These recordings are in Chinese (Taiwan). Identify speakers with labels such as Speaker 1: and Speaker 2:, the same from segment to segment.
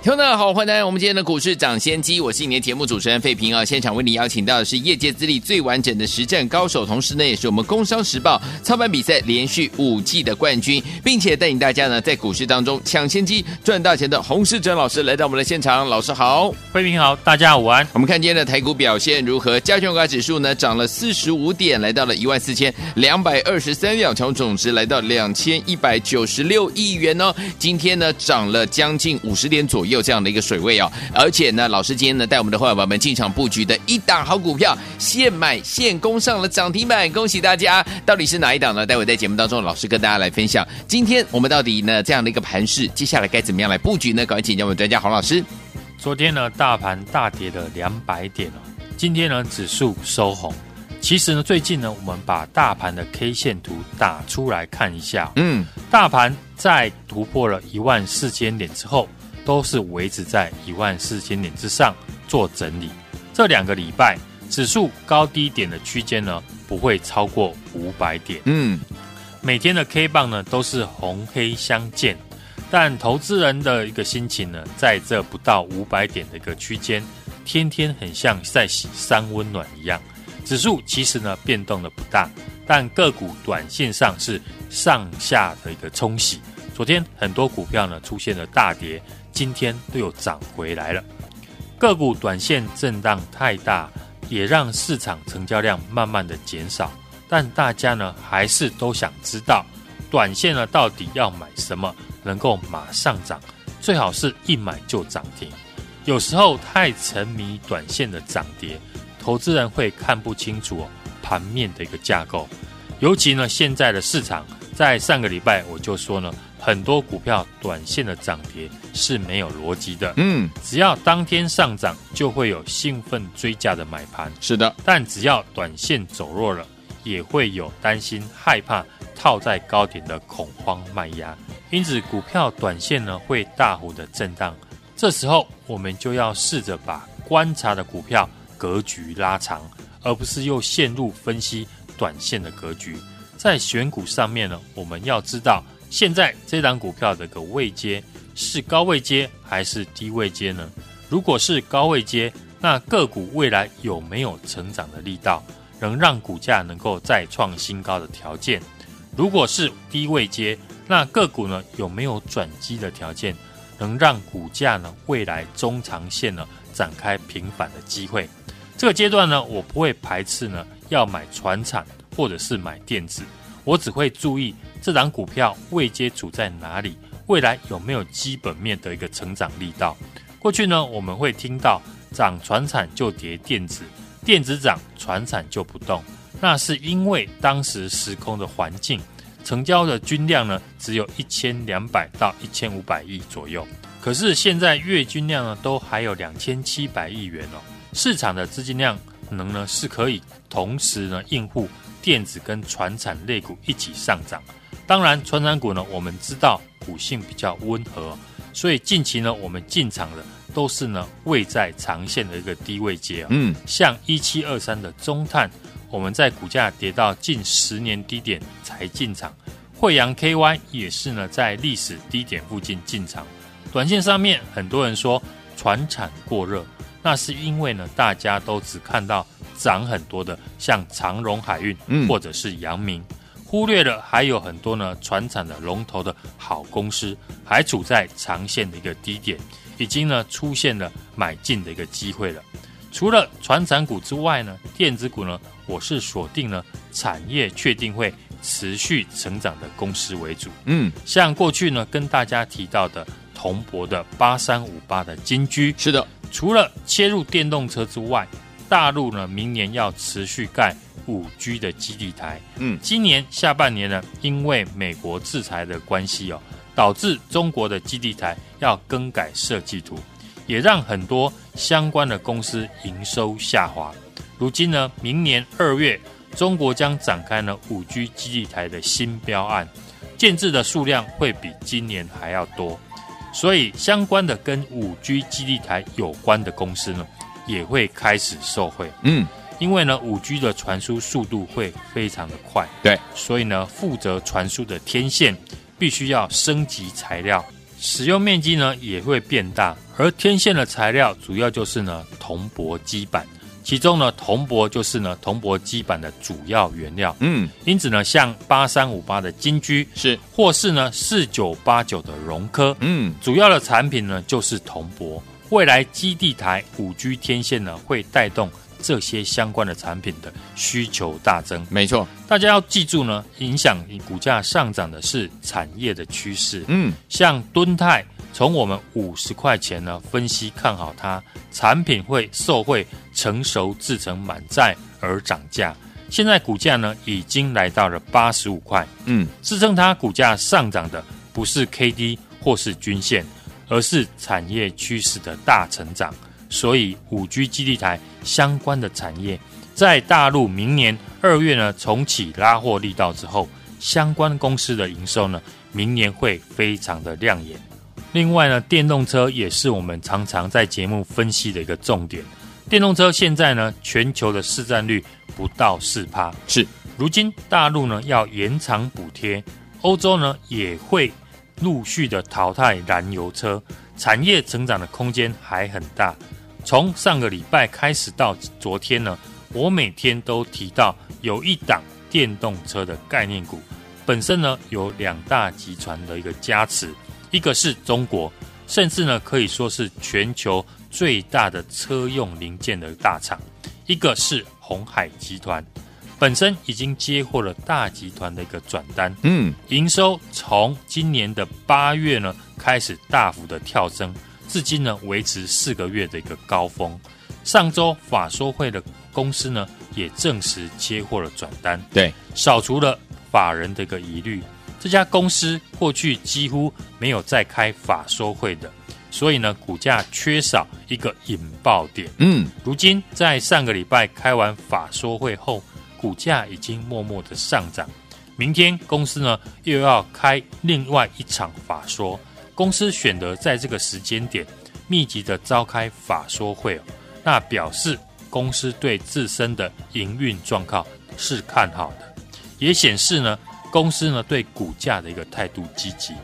Speaker 1: 聽眾們好，歡迎來家。我們今天的股市漲先機。我是你的節目主持人費平啊，現場為你邀請到的是業界資歷最完整的實戰高手，同時呢，也是我們《工商時報》操盤比賽連續五季的冠軍，並且帶領大家呢在股市當中搶先機賺大錢的洪士哲老師來到我們的現場。老師好，費平好，大家好。午安。我們看今天的台股表現如何？加權股價指數呢漲了四十五點，來到了一萬四千兩百二十三點，總值來到兩千一百九十六億元呢、哦。今天呢漲了將近五十點左右。這樣的一個水位哦，而且呢，老師今天呢帶我們的夥伴們進場布局的一檔好股票，現買現攻上了漲停板，恭喜大家！到底是哪一檔呢？待會在節目當中，老師跟大家來分享。今天我們到底呢這樣的一個盤勢，接下來該怎麼樣來布局呢？趕緊請教我們專家洪老師、嗯。昨天
Speaker 2: 呢大盤大跌了兩百點，今天呢指數收紅。其實呢最近呢我們把大盤的 K 線圖打出來看一下，嗯，大盤在突破了一萬四千點之後。都是維持在一萬四千點之上做整理，這兩個禮拜指數高低點的區間呢不會超過五百點。嗯，每天的 K 棒呢都是紅黑相間，但投資人的一個心情呢在這不到五百點的一個區間，天天很像在洗三溫暖一樣。指數其實呢變動的不大，但個股短線上是上下的一個沖洗。昨天很多股票呢出現了大跌。今天都有漲回來了，個股短線震盪太大，也讓市場成交量慢慢的減少。但大家呢，還是都想知道，短線呢到底要買什麼能夠馬上漲，最好是一買就漲停。有時候太沉迷短線的漲跌，投資人會看不清楚盤、哦、面的一個架構。尤其呢，現在的市場，在上個禮拜我就說呢。很多股票短線的漲跌是沒有邏輯的。嗯，只要當天上漲，就會有興奮追價的買盤。是的，但只要短線走弱了，也會有擔心、害怕套在高點的恐慌賣壓。因此，股票短線呢會大幅的震盪。這時候，我們就要試着把觀察的股票格局拉長，而不是又陷入分析短線的格局。在選股上面呢，我們要知道。現在這檔股票的個位階是高位階還是低位階呢？如果是高位階，那個股未來有沒有成長的力道，能讓股價能夠再創新高的條件？如果是低位階，那個股呢有沒有轉機的條件，能讓股價呢未來中長線呢展開平反的機會？這個階段呢，我不會排斥呢要買傳產或者是買電子。我只會注意這檔股票未接觸在哪裡，未來有沒有基本面的一個成長力道。過去呢，我們會聽到漲傳產就跌電子，電子漲傳產就不動，那是因為當時時空的環境，成交的均量呢只有一千兩百到一千五百億左右。可是現在月均量呢都還有兩千七百億元哦，市場的資金量能呢是可以同時呢應付，電子跟傳產類股一起上漲，當然傳產股呢，我們知道股性比較溫和，所以近期呢我們進場的都是呢位在長線的一個低位階、哦、嗯，像一七二三的中碳，我們在股價跌到近十年低點才進場，惠陽 KY 也是呢在歷史低點附近進場，短線上面很多人說傳產過熱。那是因為呢，大家都只看到漲很多的，像長榮海運，或者是陽明，嗯、忽略了還有很多呢傳產的龍頭的好公司，還處在長線的一個低點，已經呢出現了買進的一個機會了。除了傳產股之外呢，電子股呢，我是鎖定了產業確定會持續成長的公司為主，嗯，像過去呢跟大家提到的。銅箔的八三五八的金居是的，除了切入電動車之外，大陸呢明年要持續蓋五 G 的基地台。嗯，今年下半年呢，因為美國制裁的關係哦，導致中國的基地台要更改設計圖，也讓很多相關的公司營收下滑。如今呢，明年二月中國將展開呢五 G 基地台的新標案，建置的數量會比今年還要多。所以相關的跟五 G 基地台有關的公司呢，也會開始受惠。嗯，因為呢五 G 的傳輸速度會非常的快，對，所以呢負責傳輸的天線必須要升級材料，使用面積呢也會變大，而天線的材料主要就是呢銅箔基板。其中呢，銅箔就是呢，銅箔基板的主要原料。嗯，因此呢，像八三五八的金居是，或是呢四九八九的榮科，嗯，主要的產品呢就是銅箔。未來基地台五 G 天線呢，會帶動這些相關的產品的需求大增。沒錯，大家要記住呢，影響股價上漲的是產業的趨勢。嗯，像敦泰。從我們五十塊錢呢分析看好它，產品會受惠成熟製程滿載而漲價。現在股價呢已經來到了八十五塊，嗯，支撐它股價上漲的不是 K D 或是均線，而是產業趨勢的大成長。所以五 G 基地台相關的產業，在大陸明年二月呢重啟拉貨力道之後，相關公司的營收呢明年會非常的亮眼。另外呢，電動車也是我們常常在節目分析的一個重點。電動車現在呢，全球的市占率不到四趴。是。如今大陸呢要延長補貼，歐洲呢也會陸續的淘汰燃油車，產業成長的空間還很大。從上個禮拜開始到昨天呢，我每天都提到有一檔電動車的概念股，本身呢有兩大集團的一個加持。一個是中國，甚至呢可以說是全球最大的車用零件的大廠；一個是鴻海集團，本身已經接獲了大集團的一個轉單。嗯，營收從今年的八月呢開始大幅的跳升，至今呢維持四個月的一個高峰。上周法說會的公司呢也正式接獲了轉單，對，掃除了法人的一個疑慮。這家公司過去幾乎沒有再開法說會的，所以呢，股價缺少一個引爆點。嗯，如今在上個禮拜開完法說會後，股價已經默默的上漲。明天公司呢又要開另外一場法說，公司選擇在這個時間點密集的召開法說會，那表示公司對自身的營運狀況是看好的，也顯示呢。公司呢對股價的一個態度積極。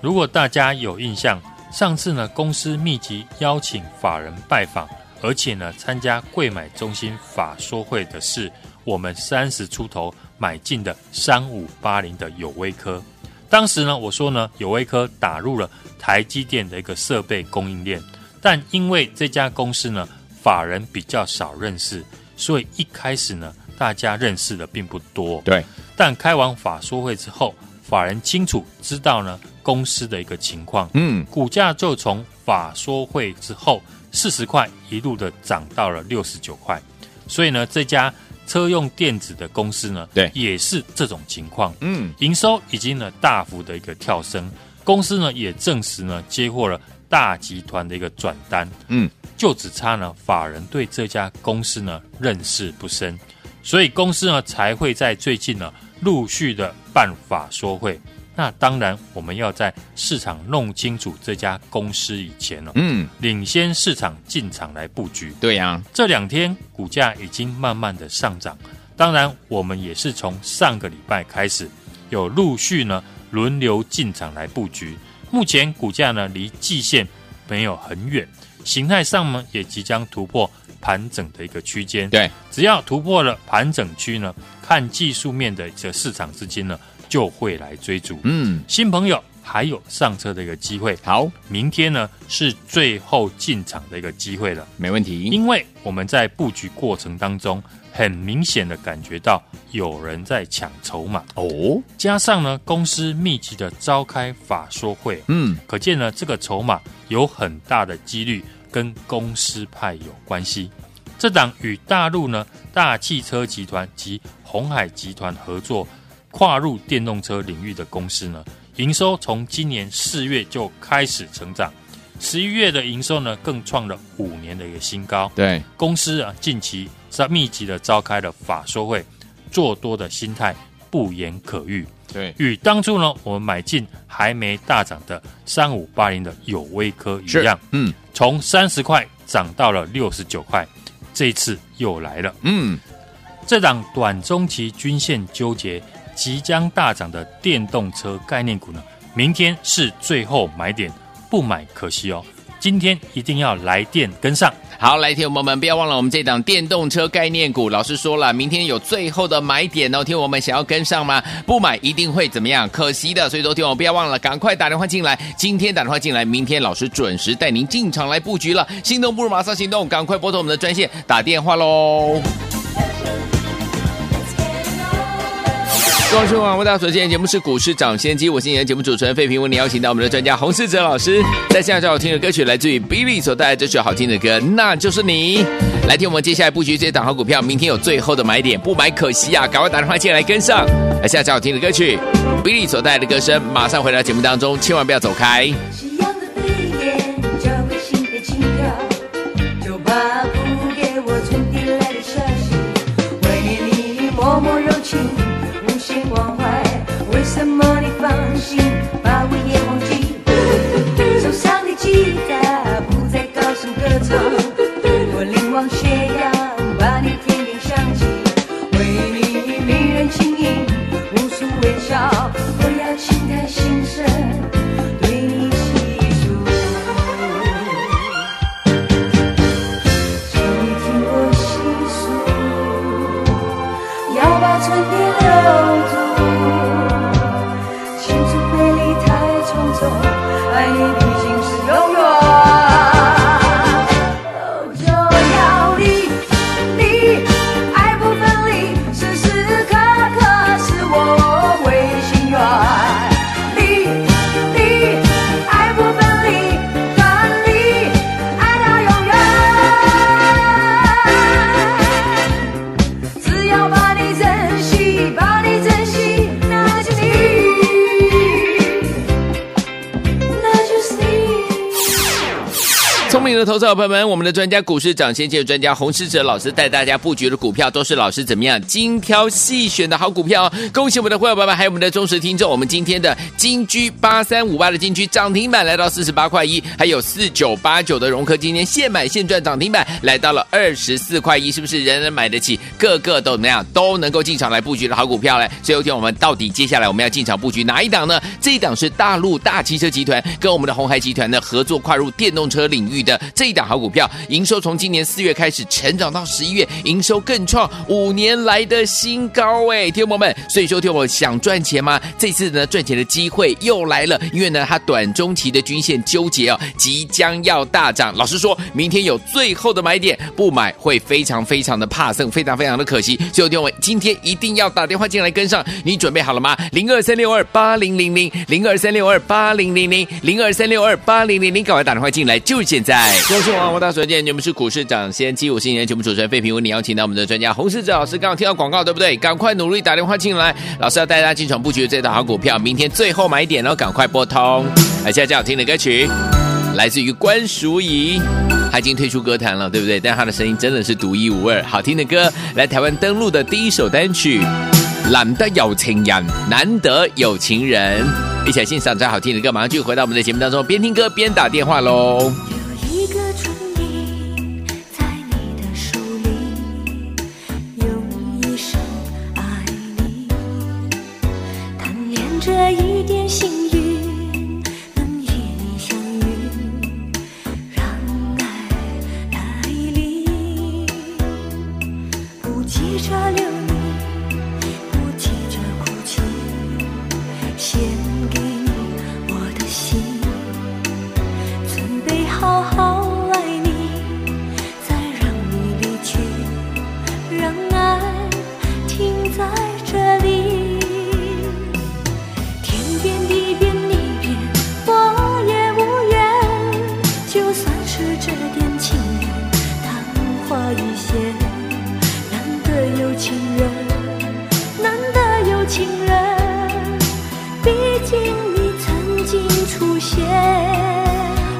Speaker 2: 如果大家有印象，上次呢公司密集邀請法人拜訪，而且呢參加櫃買中心法說會的是我們三十出頭買進的三五八零的友威科。當時呢我說呢友威科打入了台積電的一個設備供應鏈，但因為這家公司呢法人比較少認識，所以一開始呢大家認識的並不多。對。但開完法說會之後，法人清楚知道呢公司的一個情況，嗯，股價就從法說會之後四十塊一路的漲到了六十九塊，所以呢這家車用電子的公司呢，對，也是這種情況，嗯，營收已經呢大幅的一個跳升，公司呢也證實呢接獲了大集團的一個轉單，嗯，就只差呢法人對這家公司呢認識不深，所以公司呢才會在最近呢。陸續的辦法說會，那當然我們要在市場弄清楚這家公司以前哦，領先市場進場來布局。對呀、啊，這兩天股價已經慢慢的上漲，當然我們也是從上個禮拜開始有陸續呢輪流進場來布局，目前股價呢離季線沒有很遠。形態上呢，也即將突破盤整的一個區間。對，只要突破了盤整區呢，看技術面的這市場資金呢，就會來追逐。嗯，新朋友，還有上車的一個機會。好，明天呢是最後進場的一個機會了，沒問題。因為我們在布局過程當中，很明顯的感覺到有人在搶籌碼哦。加上呢，公司密集的召開法說會，嗯，可見呢這個籌碼有很大的幾率跟公司派有關係。這檔與大陸呢大汽車集團及鴻海集團合作，跨入電動車領域的公司呢。營收從今年四月就開始成長，十一月的營收呢更創了五年的一個新高。對，公司啊近期在密集的召開了法說會，做多的心態不言可喻。對，與當初呢我們買進還沒大漲的三五八零的友威科一樣，嗯，從三十塊漲到了六十九塊，這一次又來了。嗯，這檔短中期均線糾結。即將大漲的電動車概念股呢，明天是最後買點，不買可惜哦。今天一定要來
Speaker 1: 電跟上。好，來聽友們不要忘了，我們這檔電動車概念股，老師說了，明天有最後的買點哦。聽友們想要跟上嗎？不買一定會怎麼樣？可惜的。所以，都聽友們不要忘了，趕快打電話進來。今天打電話進來，明天老師準時帶您進場來布局了。心動不如馬上行動，趕快撥通我們的專線打電話嘍。光速網為大家所獻的節目是股市漲先機，我是你的節目主持人費平，為你邀請到我們的專家洪士哲老師。接下來最好聽的歌曲來自於 Billy 所帶來這首好聽的歌，那就是你。來聽我們接下來布局這些檔好股票，明天有最後的買點，不買可惜啊，趕快打電話進來跟上。來，接下來最好聽的歌曲 Billy 所帶來的歌聲，馬上回到節目當中，千萬不要走開。投資夥伴們，我們的專家股市漲先機的專家洪士哲老師帶大家布局的股票，都是老師怎麼樣精挑細選的好股票啊、哦！恭喜我們的會員爸爸，還有我們的忠實聽眾。我們今天的金居八三五八的金居漲停板來到四十八塊一，還有四九八九的融科今天現買現賺漲停板來到了二十四塊一，是不是人人買得起，個個都怎麼樣都能夠進場來布局的好股票嘞？最後一天，我們到底接下來我們要進場布局哪一檔呢？這一檔是大陸大汽車集團跟我們的鴻海集團呢合作跨入電動車領域的。這一檔好股票，營收從今年四月開始成長到十一月，營收更創五年來的新高誒，聽友們，所以說聽友們想賺錢嗎？這次呢賺錢的機會又來了，因為呢它短中期的均線糾結哦，即將要大漲。老實說，明天有最後的買點，不買會非常非常的怕剩，非常非常的可惜。所以聽友們今天一定要打電話進來跟上，你準備好了嗎？零二三六二八零零零零二三六二八零零零零二三六二八零零零趕快打電話進來，就是現在！恭喜我，我大所見，你們是股市漲先機五新年節目主持人費品為你邀請到我們的專家洪士哲老師。剛剛聽到廣告，對不對？趕快努力打電話進來，老師要帶大家進場布局這檔好股票，明天最後買一點哦。然後趕快撥通，來，現在最好聽的歌曲來自於關淑怡，她已經退出歌壇了，對不對？但她的聲音真的是獨一無二，好聽的歌。來台灣登陸的第一首單曲《難得有情人》，難得有情人，一起來欣賞這好聽的歌。馬上就回到我們的節目當中，邊聽歌邊打電話嘍。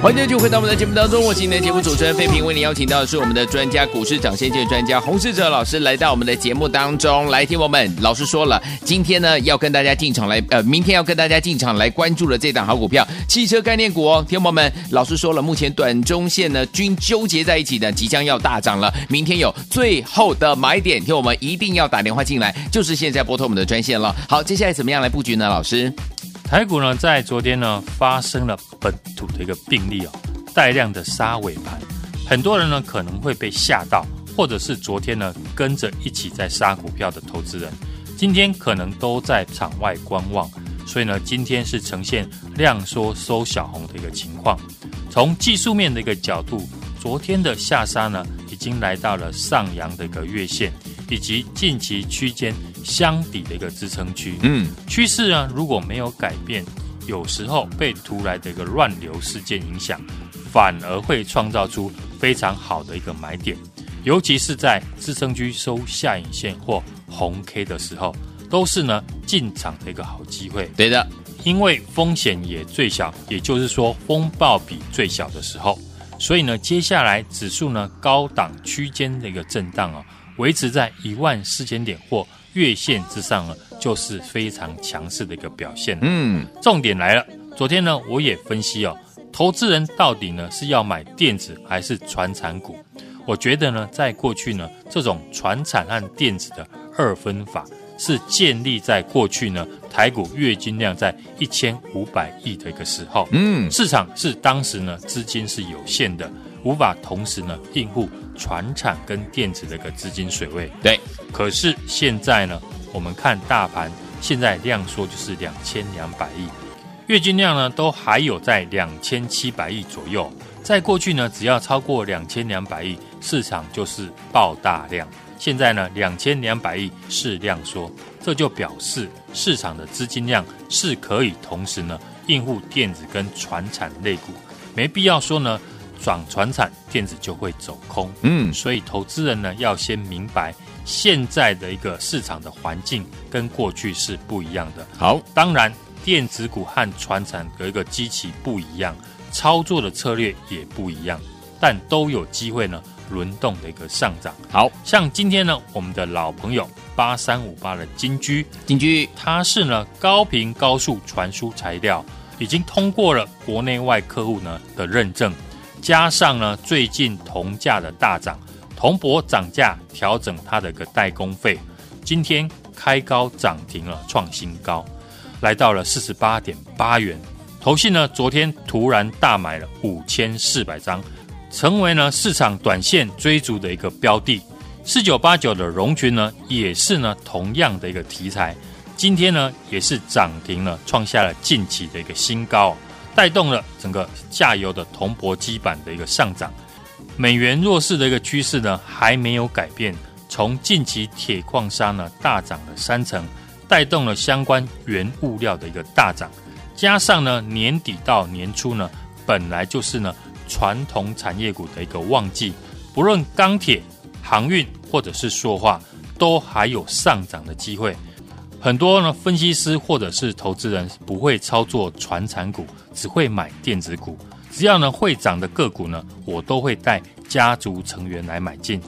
Speaker 1: 歡迎就回到我們的節目當中，我是你的節目主持人費平，為你邀請到的是我們的專家，股市漲先機專家洪士哲老師，來到我們的節目當中來聽我們老師說了，今天呢要跟大家進場來，呃，明天要跟大家進場來關注的這檔好股票，汽車概念股哦，聽我們，老師說了，目前短中線呢均糾結在一起的，即將要大漲了，明天有最後的買點，聽我們一定要打電話進來，就是現在撥通我們的專線了。好，接下來怎麼樣來布局呢，老師？台股呢，在
Speaker 2: 昨天呢發生了本土的一個病例哦，帶量的殺尾盤，很多人呢可能會被嚇到，或者是昨天呢跟着一起在殺股票的投資人，今天可能都在場外觀望，所以呢，今天是呈現量縮收小紅的一個情況。從技術面的一個角度，昨天的下殺呢，已經來到了上揚的一個月線。以及近期區間箱底的一個支撐區，嗯，趨勢呢如果沒有改變，有時候被突來的一個亂流事件影響，反而會創造出非常好的一個買點，尤其是在支撐區收下影線或紅 K 的時候，都是呢進場的一個好機會。對的，因為風險也最小，也就是說風暴比最小的時候，所以呢，接下來指數呢高檔區間的一個震盪啊、哦。維持在一萬四千點或月線之上呢，就是非常強勢的一個表現。嗯，重點來了，昨天呢我也分析哦，投資人到底呢是要買電子還是傳產股？我覺得呢，在過去呢，這種傳產和電子的二分法是建立在過去呢台股月均量在一千五百億的一個時候。嗯，市場是當時呢資金是有限的，無法同時呢應付。傳產跟電子的一個資金水位對，可是現在呢，我們看大盤現在量縮就是兩千兩百億，月均量呢都還有在兩千七百億左右。在過去呢，只要超過兩千兩百億，市場就是爆大量。現在呢，兩千兩百億是量縮，這就表示市場的資金量是可以同時呢，應付電子跟傳產類股，沒必要說呢。轉傳產電子就會走空，嗯，所以投資人呢要先明白現在的一個市場的環境跟過去是不一樣的。好，當然電子股和傳產隔一個機器不一樣，操作的策略也不一樣，但都有機會呢輪動的一個上漲。好，像今天呢我們的老朋友八三五八的金居，金居它是呢高頻高速傳輸材料，已經通過了國內外客戶呢的認證。加上呢，最近銅價的大漲，銅箔漲價調整它的一個代工費，今天開高漲停了，創新高，來到了四十八點八元。投信呢，昨天突然大買了五千四百張，成為呢市場短線追逐的一個標的。四九八九的榮群呢，也是呢同樣的一個題材，今天呢也是漲停了，創下了近期的一個新高。帶動了整個下游的銅箔基板的一個上漲，美元弱勢的一個趨勢呢還沒有改變。從近期鐵礦砂呢大漲了三成，帶動了相關原物料的一個大漲。加上呢年底到年初呢，本來就是呢傳統產業股的一個旺季，不論鋼鐵、航運或者是塑化，都還有上漲的機會。很多呢，分析師或者是投資人不會操作傳產股，只會買電子股。只要呢會漲的個股呢，我都會帶家族成員來買進。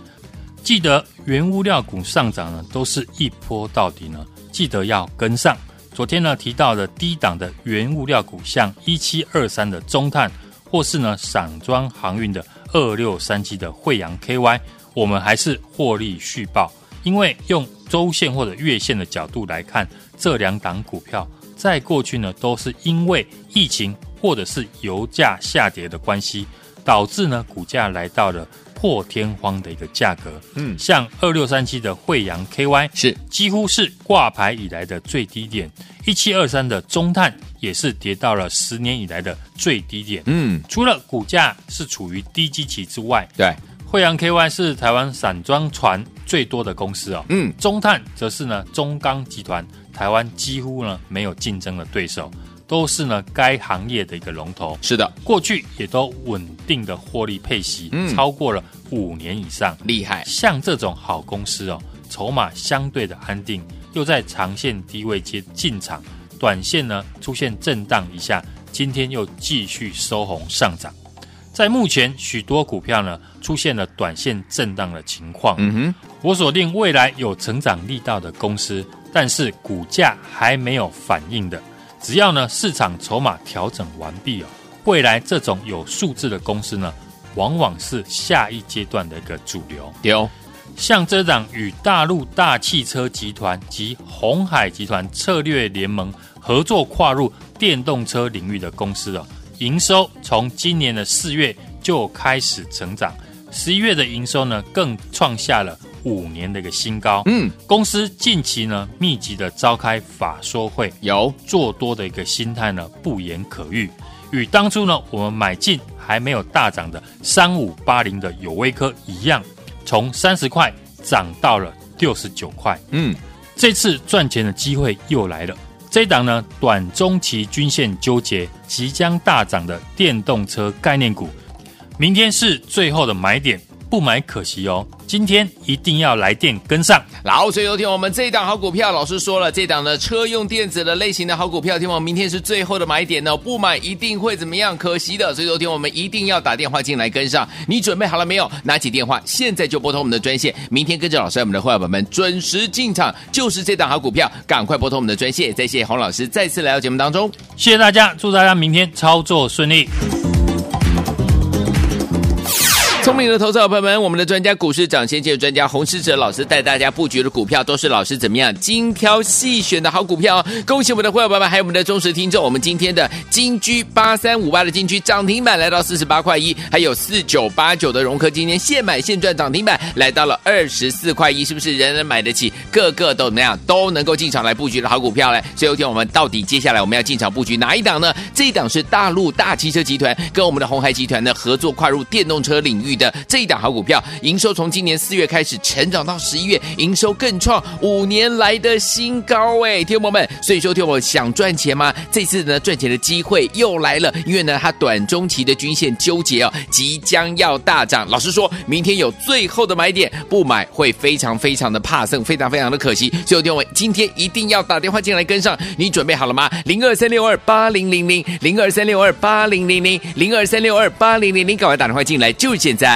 Speaker 2: 記得原物料股上漲呢，都是一波到底呢，記得要跟上。昨天呢提到的低檔的原物料股，像一七二三的中碳，或是呢散裝航運的二六三七的慧洋 KY，我們還是獲利續抱，因為用。週線或者月線的角度來看，這兩檔股票在過去呢，都是因為疫情或者是油價下跌的關係，導致呢股價來到了破天荒的一個價格。嗯，像二六三七的慧洋 KY 是幾乎是掛牌以來的最低點，一七二三的中碳也是跌到了十年以來的最低點。嗯，除了股價是處於低基期之外，對慧洋 KY 是台灣散裝船，最多的公司哦，嗯，中碳則是呢中鋼集團，台灣幾乎呢沒有競爭的對手，都是呢該行業的一個龍頭。是的，過去也都穩定的獲利配息，超過了五年以上，厲害。像這種好公司哦，籌碼相對的安定，又在長線低位接進場，短線呢出現震盪一下，今天又繼續收紅上漲。在目前，許多股票呢出現了短線震盪的情況。嗯哼，我鎖定未來有成長力道的公司，但是股價還沒有反應的，只要呢市場籌碼調整完畢哦，未來這種有數字的公司呢，往往是下一階段的一個主流。有，像這檔與大陸大汽車集團及鴻海集團策略聯盟合作跨入電動車領域的公司哦。營收從今年的四月就開始成長，十一月的營收呢更創下了五年的一個新高。嗯，公司近期呢密集的召開法說會，有做多的一個心態呢不言可喻。與當初呢我們買進還沒有大漲的三五八零的友威科一樣，從三十塊漲到了六十九塊。嗯，這次賺錢的機會又來了。這一檔呢，短中期均線糾結，即將大漲的電動車概念股，明天是最後的買
Speaker 1: 點。不買可惜哦，今天一定要來電跟上。老師，昨天我們這一檔好股票，老師說了，這檔的車用電子的類型的好股票，聽我明天是最後的買點哦，不買一定會怎麼樣，可惜的。所以昨天我們一定要打電話進來跟上。你準備好了沒有？拿起電話，現在就撥通我們的專線，明天跟着老師，我們的夥伴們準時進場，就是這檔好股票，趕快撥通我們的專線。再謝謝洪老師再次來到節目當中，謝謝大家，祝大家明天操作順利。聰明的投資者朋友們，我們的專家股市漲先機的專家洪士哲老師帶大家布局的股票，都是老師怎麼樣精挑細選的好股票哦！恭喜我們的會員朋友們，還有我們的忠實聽眾。我們今天的金居八三五八的金居漲停板來到四十八塊一，還有四九八九的榮科今天現買現賺漲停板來到了二十四塊一，是不是人人買得起，個個都怎麼樣都能夠進場來布局的好股票嘞？最後一天，我們到底接下來我們要進場布局哪一檔呢？這一檔是大陸大汽車集團跟我們的鴻海集團的合作，跨入電動車領域的。這一檔好股票，營收從今年四月開始成長到十一月，營收更創五年來的新高哎！聽友們，所以說聽友們想賺錢嗎？這次呢，賺錢的機會又來了，因為呢，它短中期的均線糾結啊、哦，即將要大漲。老實說，明天有最後的買點，不買會非常非常的怕剩，非常非常的可惜。所以，聽友們，今天一定要打電話進來跟上，你準備好了嗎？零二三六二八零零零，零二三六二八零零零，零二三六二八零零零，000, 趕快打電話進來，就是現在！